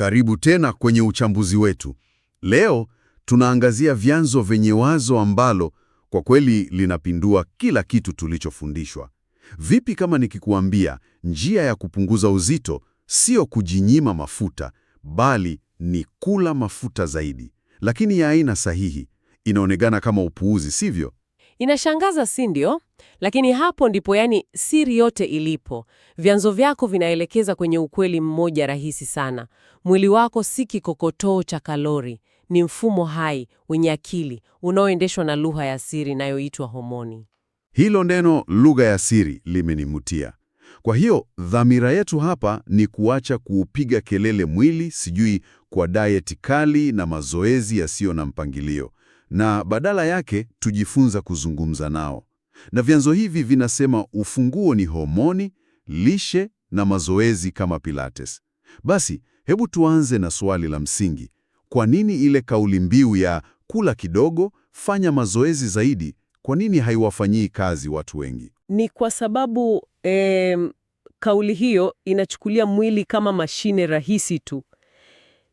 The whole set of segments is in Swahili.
Karibu tena kwenye uchambuzi wetu. Leo tunaangazia vyanzo vyenye wazo ambalo kwa kweli linapindua kila kitu tulichofundishwa. Vipi kama nikikuambia njia ya kupunguza uzito sio kujinyima mafuta, bali ni kula mafuta zaidi, lakini ya aina sahihi? Inaonekana kama upuuzi, sivyo? Inashangaza, si ndio? Lakini hapo ndipo yani siri yote ilipo. Vyanzo vyako vinaelekeza kwenye ukweli mmoja rahisi sana: mwili wako si kikokotoo cha kalori, ni mfumo hai wenye akili unaoendeshwa na lugha ya siri inayoitwa homoni. Hilo neno lugha ya siri limenimutia. Kwa hiyo dhamira yetu hapa ni kuacha kuupiga kelele mwili, sijui kwa dayeti kali na mazoezi yasiyo na mpangilio na badala yake tujifunza kuzungumza nao. Na vyanzo hivi vinasema ufunguo ni homoni, lishe na mazoezi kama Pilates. Basi hebu tuanze na swali la msingi. Kwa nini ile kauli mbiu ya kula kidogo, fanya mazoezi zaidi, kwa nini haiwafanyii kazi watu wengi? Ni kwa sababu eh, kauli hiyo inachukulia mwili kama mashine rahisi tu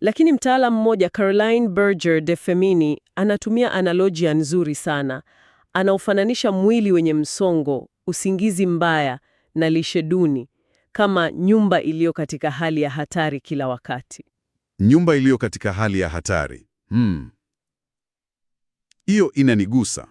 lakini mtaalam mmoja Caroline Berger de Femini anatumia analojia nzuri sana. Anaufananisha mwili wenye msongo, usingizi mbaya na lishe duni kama nyumba iliyo katika hali ya hatari kila wakati. Nyumba iliyo katika hali ya hatari. Hmm. Hiyo inanigusa.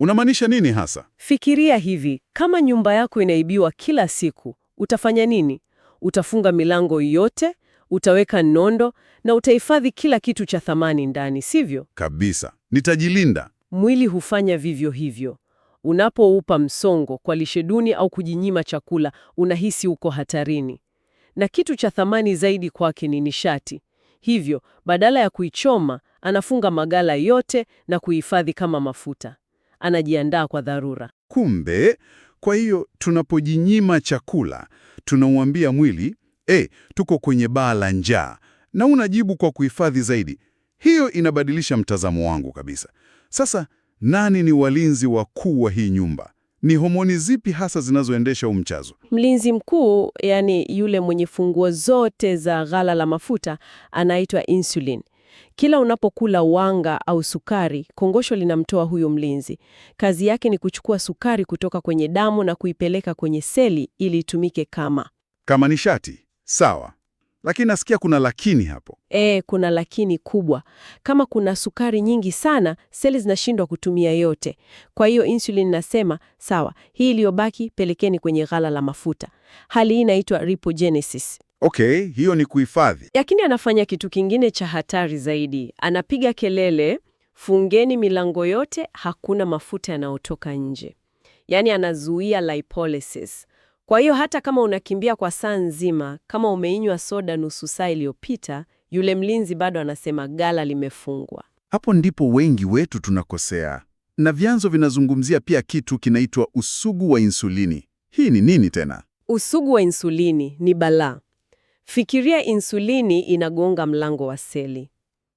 Unamaanisha nini hasa? Fikiria hivi, kama nyumba yako inaibiwa kila siku, utafanya nini? Utafunga milango yote, utaweka nondo na utahifadhi kila kitu cha thamani ndani, sivyo? Kabisa, nitajilinda. Mwili hufanya vivyo hivyo. Unapoupa msongo kwa lishe duni au kujinyima chakula, unahisi uko hatarini, na kitu cha thamani zaidi kwake ni nishati. Hivyo badala ya kuichoma, anafunga magala yote na kuihifadhi kama mafuta. Anajiandaa kwa dharura. Kumbe, kwa hiyo tunapojinyima chakula tunauambia mwili e, tuko kwenye baa la njaa, na unajibu kwa kuhifadhi zaidi. Hiyo inabadilisha mtazamo wangu kabisa. Sasa nani ni walinzi wakuu wa hii nyumba? Ni homoni zipi hasa zinazoendesha huu mchazo? Mlinzi mkuu, yani yule mwenye funguo zote za ghala la mafuta, anaitwa insulin. Kila unapokula wanga au sukari, kongosho linamtoa huyo mlinzi. Kazi yake ni kuchukua sukari kutoka kwenye damu na kuipeleka kwenye seli ili itumike kama kama nishati. Sawa, lakini nasikia kuna lakini hapo. E, kuna lakini kubwa. Kama kuna sukari nyingi sana, seli zinashindwa kutumia yote. Kwa hiyo insulin nasema sawa, hii iliyobaki pelekeni kwenye ghala la mafuta. Hali hii inaitwa lipogenesis. Okay, hiyo ni kuhifadhi. Lakini anafanya kitu kingine cha hatari zaidi. Anapiga kelele, fungeni milango yote, hakuna mafuta yanayotoka nje. Yaani anazuia lipolysis. Kwa hiyo hata kama unakimbia kwa saa nzima, kama umeinywa soda nusu saa iliyopita, yule mlinzi bado anasema gala limefungwa. Hapo ndipo wengi wetu tunakosea, na vyanzo vinazungumzia pia kitu kinaitwa usugu wa insulini. Hii ni nini tena? Usugu wa insulini ni balaa. Fikiria insulini inagonga mlango wa seli.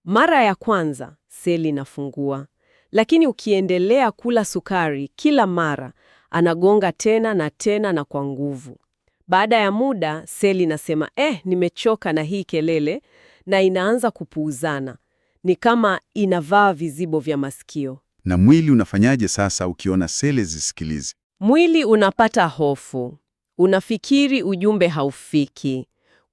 Mara ya kwanza seli inafungua, lakini ukiendelea kula sukari kila mara Anagonga tena na tena na kwa nguvu. Baada ya muda, seli inasema eh, nimechoka na hii kelele, na inaanza kupuuzana. Ni kama inavaa vizibo vya masikio. Na mwili unafanyaje sasa ukiona seli zisikilizi? Mwili unapata hofu, unafikiri ujumbe haufiki,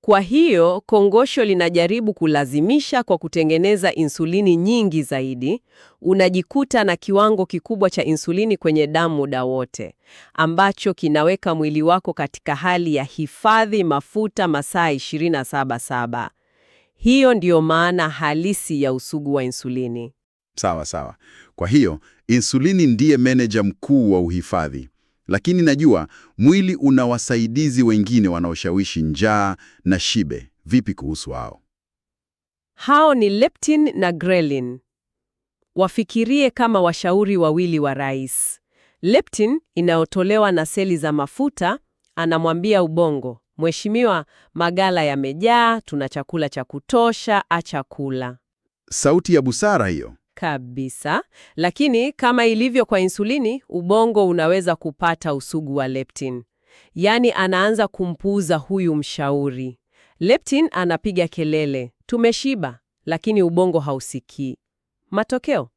kwa hiyo kongosho linajaribu kulazimisha kwa kutengeneza insulini nyingi zaidi. Unajikuta na kiwango kikubwa cha insulini kwenye damu muda wote, ambacho kinaweka mwili wako katika hali ya hifadhi mafuta masaa 27 7 Hiyo ndiyo maana halisi ya usugu wa insulini. Sawa sawa. Kwa hiyo insulini ndiye meneja mkuu wa uhifadhi lakini najua mwili una wasaidizi wengine wanaoshawishi njaa na shibe. Vipi kuhusu hao? Hao ni leptin na grelin. Wafikirie kama washauri wawili wa rais. Leptin inayotolewa na seli za mafuta anamwambia ubongo, mheshimiwa, magala yamejaa, tuna chakula cha kutosha, acha kula. Sauti ya busara hiyo kabisa. Lakini kama ilivyo kwa insulini, ubongo unaweza kupata usugu wa leptin, yaani anaanza kumpuuza huyu mshauri. Leptin anapiga kelele, tumeshiba, lakini ubongo hausikii. Matokeo,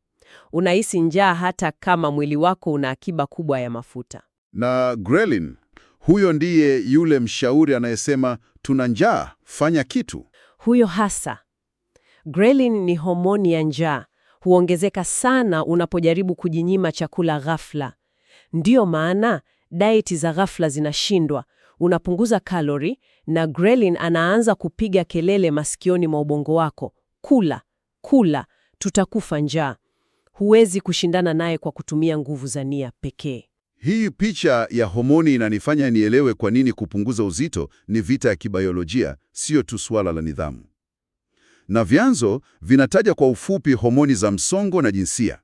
unahisi njaa hata kama mwili wako una akiba kubwa ya mafuta. Na grelin, huyo ndiye yule mshauri anayesema tuna njaa, fanya kitu. Huyo hasa. Grelin ni homoni ya njaa huongezeka sana unapojaribu kujinyima chakula ghafla. Ndiyo maana dieti za ghafla zinashindwa. Unapunguza kalori na ghrelin anaanza kupiga kelele masikioni mwa ubongo wako, kula kula, tutakufa njaa. Huwezi kushindana naye kwa kutumia nguvu za nia pekee. Hii picha ya homoni inanifanya nielewe kwa nini kupunguza uzito ni vita ya kibayolojia, sio tu suala la nidhamu na vyanzo vinataja kwa ufupi homoni za msongo na jinsia.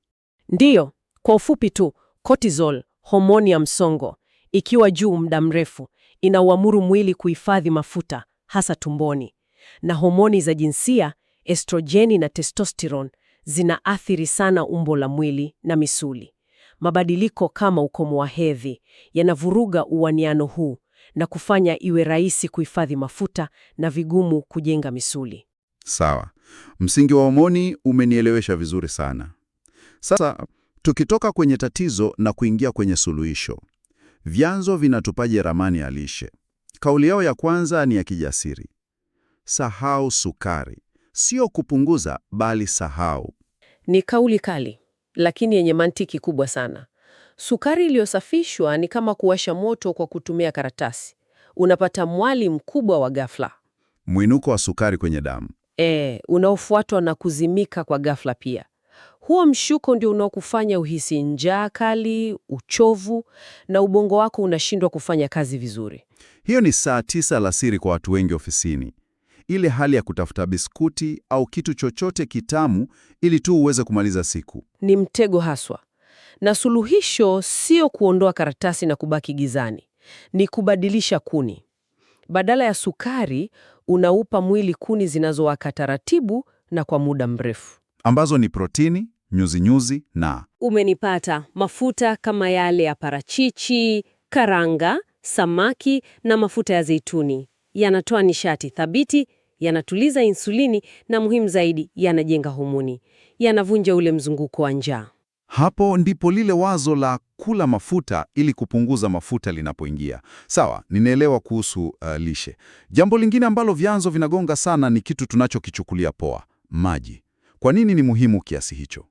Ndiyo, kwa ufupi tu, cortisol, homoni ya msongo, ikiwa juu muda mrefu inauamuru mwili kuhifadhi mafuta hasa tumboni, na homoni za jinsia, estrojeni na testosterone, zinaathiri sana umbo la mwili na misuli. Mabadiliko kama ukomo wa hedhi yanavuruga uwaniano huu na kufanya iwe rahisi kuhifadhi mafuta na vigumu kujenga misuli. Sawa, msingi wa homoni umenielewesha vizuri sana. Sasa tukitoka kwenye tatizo na kuingia kwenye suluhisho, vyanzo vinatupaje ramani ya lishe? Kauli yao ya kwanza ni ya kijasiri: sahau sukari, sio kupunguza, bali sahau. Ni kauli kali, lakini yenye mantiki kubwa sana. Sukari iliyosafishwa ni kama kuwasha moto kwa kutumia karatasi, unapata mwali mkubwa wa ghafla. Mwinuko wa sukari kwenye damu e, unaofuatwa na kuzimika kwa ghafla pia. Huo mshuko ndio unaokufanya uhisi njaa kali, uchovu na ubongo wako unashindwa kufanya kazi vizuri. Hiyo ni saa tisa alasiri kwa watu wengi ofisini, ile hali ya kutafuta biskuti au kitu chochote kitamu ili tu uweze kumaliza siku. Ni mtego haswa, na suluhisho sio kuondoa karatasi na kubaki gizani, ni kubadilisha kuni. Badala ya sukari, unaupa mwili kuni zinazowaka taratibu na kwa muda mrefu, ambazo ni protini, nyuzinyuzi na umenipata, mafuta kama yale ya parachichi, karanga, samaki na mafuta ya zeituni. Yanatoa nishati thabiti, yanatuliza insulini na muhimu zaidi, yanajenga homoni, yanavunja ule mzunguko wa njaa. Hapo ndipo lile wazo la kula mafuta ili kupunguza mafuta linapoingia. Sawa, ninaelewa kuhusu uh, lishe. Jambo lingine ambalo vyanzo vinagonga sana ni kitu tunachokichukulia poa, maji. Kwa nini ni muhimu kiasi hicho?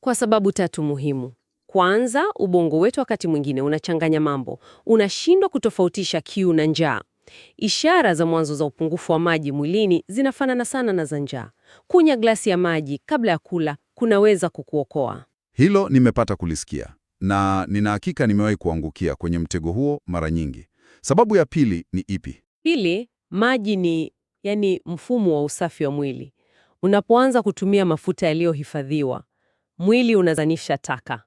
Kwa sababu tatu muhimu. Kwanza, ubongo wetu wakati mwingine unachanganya mambo, unashindwa kutofautisha kiu na njaa. Ishara za mwanzo za upungufu wa maji mwilini zinafanana sana na za njaa. kunya glasi ya maji kabla ya kula kunaweza kukuokoa. Hilo nimepata kulisikia na nina hakika nimewahi kuangukia kwenye mtego huo mara nyingi. Sababu ya pili ni ipi? Pili, maji ni yani mfumo wa usafi wa mwili. Unapoanza kutumia mafuta yaliyohifadhiwa, mwili unazanisha taka.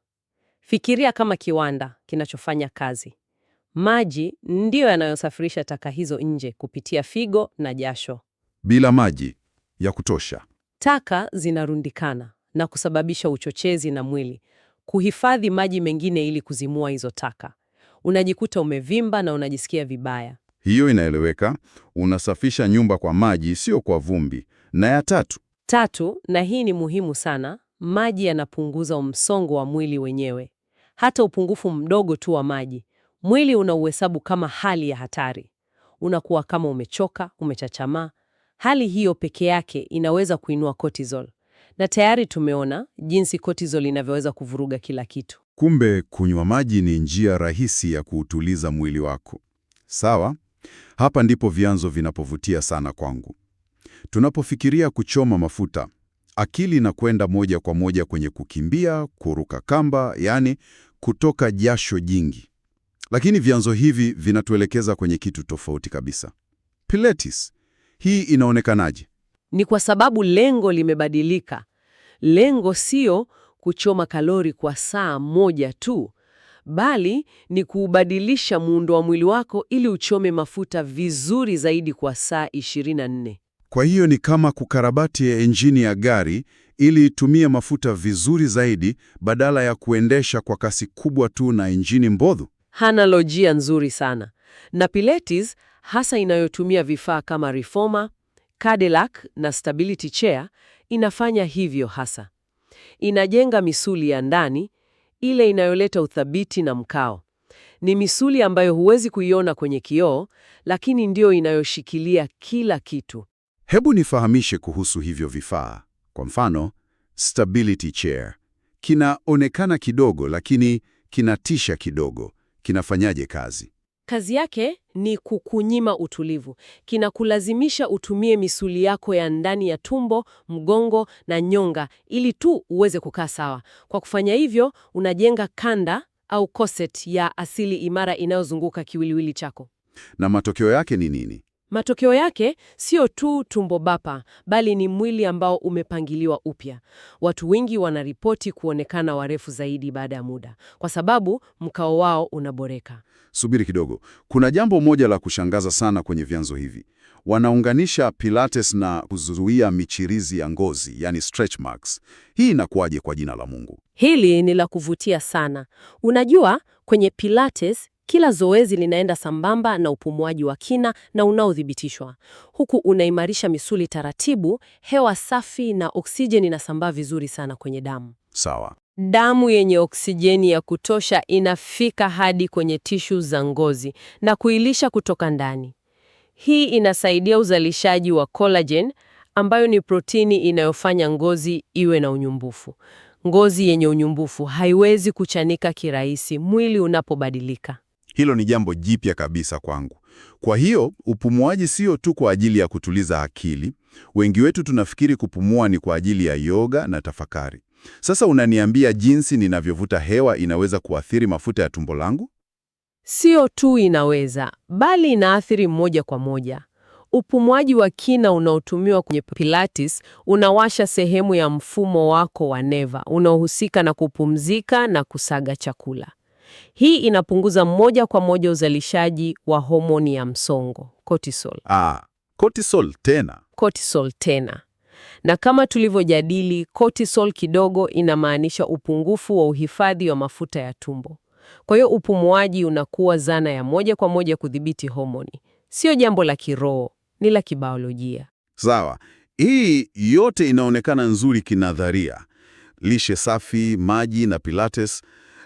Fikiria kama kiwanda kinachofanya kazi. Maji ndiyo yanayosafirisha taka hizo nje kupitia figo na jasho. Bila maji ya kutosha, taka zinarundikana, na kusababisha uchochezi na mwili kuhifadhi maji mengine ili kuzimua hizo taka. Unajikuta umevimba na unajisikia vibaya. Hiyo inaeleweka. Unasafisha nyumba kwa maji, sio kwa vumbi. Na ya tatu tatu, na hii ni muhimu sana, maji yanapunguza msongo wa mwili wenyewe. Hata upungufu mdogo tu wa maji, mwili unauhesabu kama hali ya hatari. Unakuwa kama umechoka, umechachamaa. Hali hiyo peke yake inaweza kuinua cortisol, na tayari tumeona jinsi cortisol linavyoweza kuvuruga kila kitu. Kumbe kunywa maji ni njia rahisi ya kuutuliza mwili wako. Sawa, hapa ndipo vyanzo vinapovutia sana kwangu. Tunapofikiria kuchoma mafuta, akili inakwenda moja kwa moja kwenye kukimbia, kuruka kamba, yaani kutoka jasho jingi. Lakini vyanzo hivi vinatuelekeza kwenye kitu tofauti kabisa. Pilates, hii inaonekanaje? Ni kwa sababu lengo limebadilika. Lengo sio kuchoma kalori kwa saa moja tu, bali ni kuubadilisha muundo wa mwili wako ili uchome mafuta vizuri zaidi kwa saa 24. Kwa hiyo ni kama kukarabati ya injini ya gari ili itumie mafuta vizuri zaidi badala ya kuendesha kwa kasi kubwa tu na injini mbodhu. Analojia nzuri sana. Na Pilates hasa inayotumia vifaa kama reformer, Cadillac na stability chair inafanya hivyo hasa. Inajenga misuli ya ndani, ile inayoleta uthabiti na mkao. Ni misuli ambayo huwezi kuiona kwenye kioo, lakini ndiyo inayoshikilia kila kitu. Hebu nifahamishe kuhusu hivyo vifaa. Kwa mfano, stability chair kinaonekana kidogo, lakini kinatisha kidogo. Kinafanyaje kazi? Kazi yake ni kukunyima utulivu, kinakulazimisha utumie misuli yako ya ndani ya tumbo, mgongo na nyonga ili tu uweze kukaa sawa. Kwa kufanya hivyo, unajenga kanda au corset ya asili imara inayozunguka kiwiliwili chako. Na matokeo yake ni nini? Matokeo yake sio tu tumbo bapa, bali ni mwili ambao umepangiliwa upya. Watu wengi wanaripoti kuonekana warefu zaidi baada ya muda, kwa sababu mkao wao unaboreka. Subiri kidogo, kuna jambo moja la kushangaza sana kwenye vyanzo hivi. Wanaunganisha Pilates na kuzuia michirizi ya ngozi, yani stretch marks. Hii inakuwaje kwa jina la Mungu? Hili ni la kuvutia sana. Unajua, kwenye Pilates kila zoezi linaenda sambamba na upumuaji wa kina na unaodhibitishwa, huku unaimarisha misuli taratibu. Hewa safi na oksijeni inasambaa vizuri sana kwenye damu. Sawa. Damu yenye oksijeni ya kutosha inafika hadi kwenye tishu za ngozi na kuilisha kutoka ndani. Hii inasaidia uzalishaji wa collagen ambayo ni protini inayofanya ngozi iwe na unyumbufu. Ngozi yenye unyumbufu haiwezi kuchanika kirahisi mwili unapobadilika. Hilo ni jambo jipya kabisa kwangu. Kwa hiyo upumuaji sio tu kwa ajili ya kutuliza akili. Wengi wetu tunafikiri kupumua ni kwa ajili ya yoga na tafakari. Sasa unaniambia jinsi ninavyovuta hewa inaweza kuathiri mafuta ya tumbo langu? Sio tu inaweza, bali inaathiri moja kwa moja. Upumuaji wa kina unaotumiwa kwenye Pilates unawasha sehemu ya mfumo wako wa neva unaohusika na kupumzika na kusaga chakula. Hii inapunguza moja kwa moja uzalishaji wa homoni ya msongo cortisol. Ah, cortisol tena. Cortisol tena. Na kama tulivyojadili, cortisol kidogo inamaanisha upungufu wa uhifadhi wa mafuta ya tumbo. Kwa hiyo upumuaji unakuwa zana ya moja kwa moja kudhibiti homoni, sio jambo la kiroho, ni la kibiolojia. Sawa. Hii yote inaonekana nzuri kinadharia, lishe safi, maji na pilates,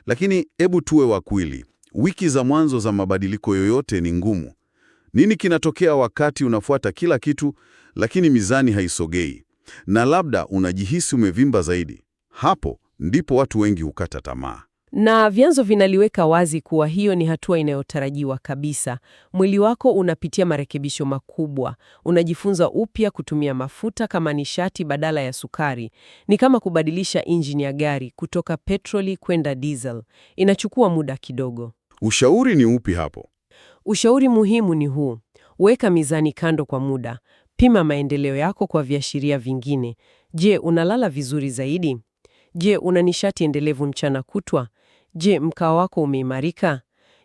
lakini hebu tuwe kweli, wiki za mwanzo za mabadiliko yoyote ni ngumu. Nini kinatokea wakati unafuata kila kitu lakini mizani haisogei na labda unajihisi umevimba zaidi? Hapo ndipo watu wengi hukata tamaa na vyanzo vinaliweka wazi kuwa hiyo ni hatua inayotarajiwa kabisa. Mwili wako unapitia marekebisho makubwa, unajifunza upya kutumia mafuta kama nishati badala ya sukari. Ni kama kubadilisha injini ya gari kutoka petroli kwenda diesel. Inachukua muda kidogo. Ushauri ni upi hapo? Ushauri muhimu ni huu: weka mizani kando kwa muda, pima maendeleo yako kwa viashiria vingine. Je, unalala vizuri zaidi? Je, una nishati endelevu mchana kutwa? Je, mkao wako umeimarika?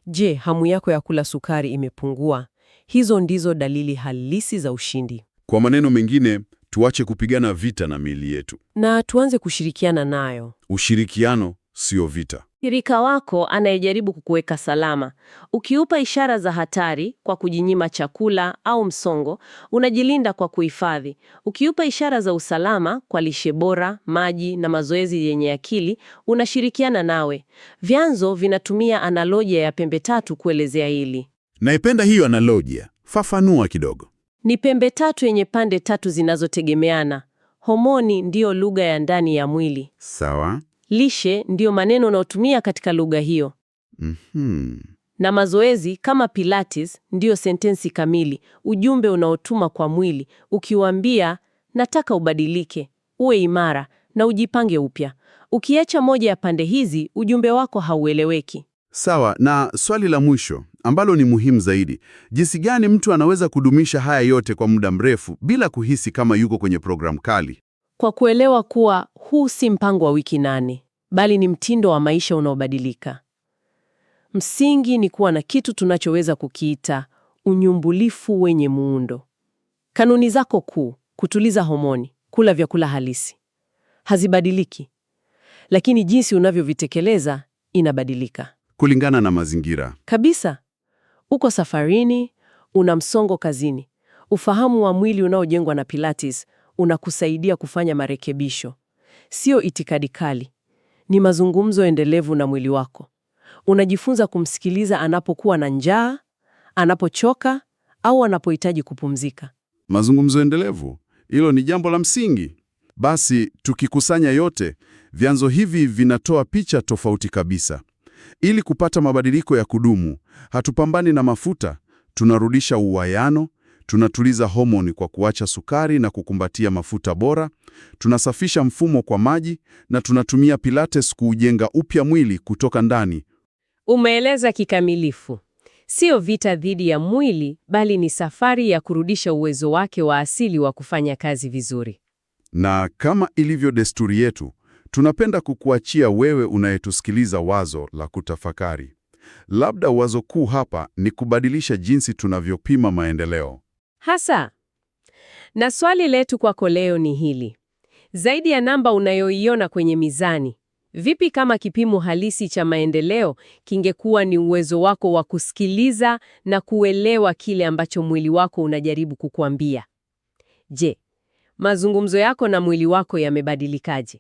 Je, hamu yako ya kula sukari imepungua? Hizo ndizo dalili halisi za ushindi. Kwa maneno mengine, tuache kupigana vita na miili yetu na tuanze kushirikiana nayo. Ushirikiano sio vita. Shirika wako anayejaribu kukuweka salama. Ukiupa ishara za hatari kwa kujinyima chakula au msongo, unajilinda kwa kuhifadhi. Ukiupa ishara za usalama kwa lishe bora, maji na mazoezi yenye akili, unashirikiana nawe. Vyanzo vinatumia analojia ya pembe tatu kuelezea hili. Naipenda hiyo analojia. Fafanua kidogo. Ni pembe tatu yenye pande tatu zinazotegemeana. Homoni ndiyo lugha ya ndani ya mwili. Sawa lishe ndiyo maneno unaotumia katika lugha hiyo. mm -hmm. Na mazoezi kama Pilates ndiyo sentensi kamili, ujumbe unaotuma kwa mwili ukiwaambia, nataka ubadilike, uwe imara na ujipange upya. Ukiacha moja ya pande hizi, ujumbe wako haueleweki. Sawa. Na swali la mwisho ambalo ni muhimu zaidi, jinsi gani mtu anaweza kudumisha haya yote kwa muda mrefu bila kuhisi kama yuko kwenye programu kali? kwa kuelewa kuwa huu si mpango wa wiki nane, bali ni mtindo wa maisha unaobadilika. Msingi ni kuwa na kitu tunachoweza kukiita unyumbulifu wenye muundo. Kanuni zako kuu: kutuliza homoni, kula vyakula halisi, hazibadiliki, lakini jinsi unavyovitekeleza inabadilika kulingana na mazingira. Kabisa. Uko safarini, una msongo kazini, ufahamu wa mwili unaojengwa na Pilates unakusaidia kufanya marekebisho. Sio itikadi kali, ni mazungumzo endelevu na mwili wako. Unajifunza kumsikiliza anapokuwa na njaa, anapochoka au anapohitaji kupumzika. Mazungumzo endelevu, hilo ni jambo la msingi. Basi tukikusanya yote, vyanzo hivi vinatoa picha tofauti kabisa. Ili kupata mabadiliko ya kudumu, hatupambani na mafuta, tunarudisha uwayano, tunatuliza homoni kwa kuacha sukari na kukumbatia mafuta bora, tunasafisha mfumo kwa maji na tunatumia pilates kuujenga upya mwili kutoka ndani. Umeeleza kikamilifu. Sio vita dhidi ya mwili, bali ni safari ya kurudisha uwezo wake wa asili wa kufanya kazi vizuri. Na kama ilivyo desturi yetu, tunapenda kukuachia wewe unayetusikiliza wazo la kutafakari. Labda wazo kuu hapa ni kubadilisha jinsi tunavyopima maendeleo. Hasa. Na swali letu kwako leo ni hili. Zaidi ya namba unayoiona kwenye mizani, vipi kama kipimo halisi cha maendeleo kingekuwa ni uwezo wako wa kusikiliza na kuelewa kile ambacho mwili wako unajaribu kukuambia? Je, mazungumzo yako na mwili wako yamebadilikaje?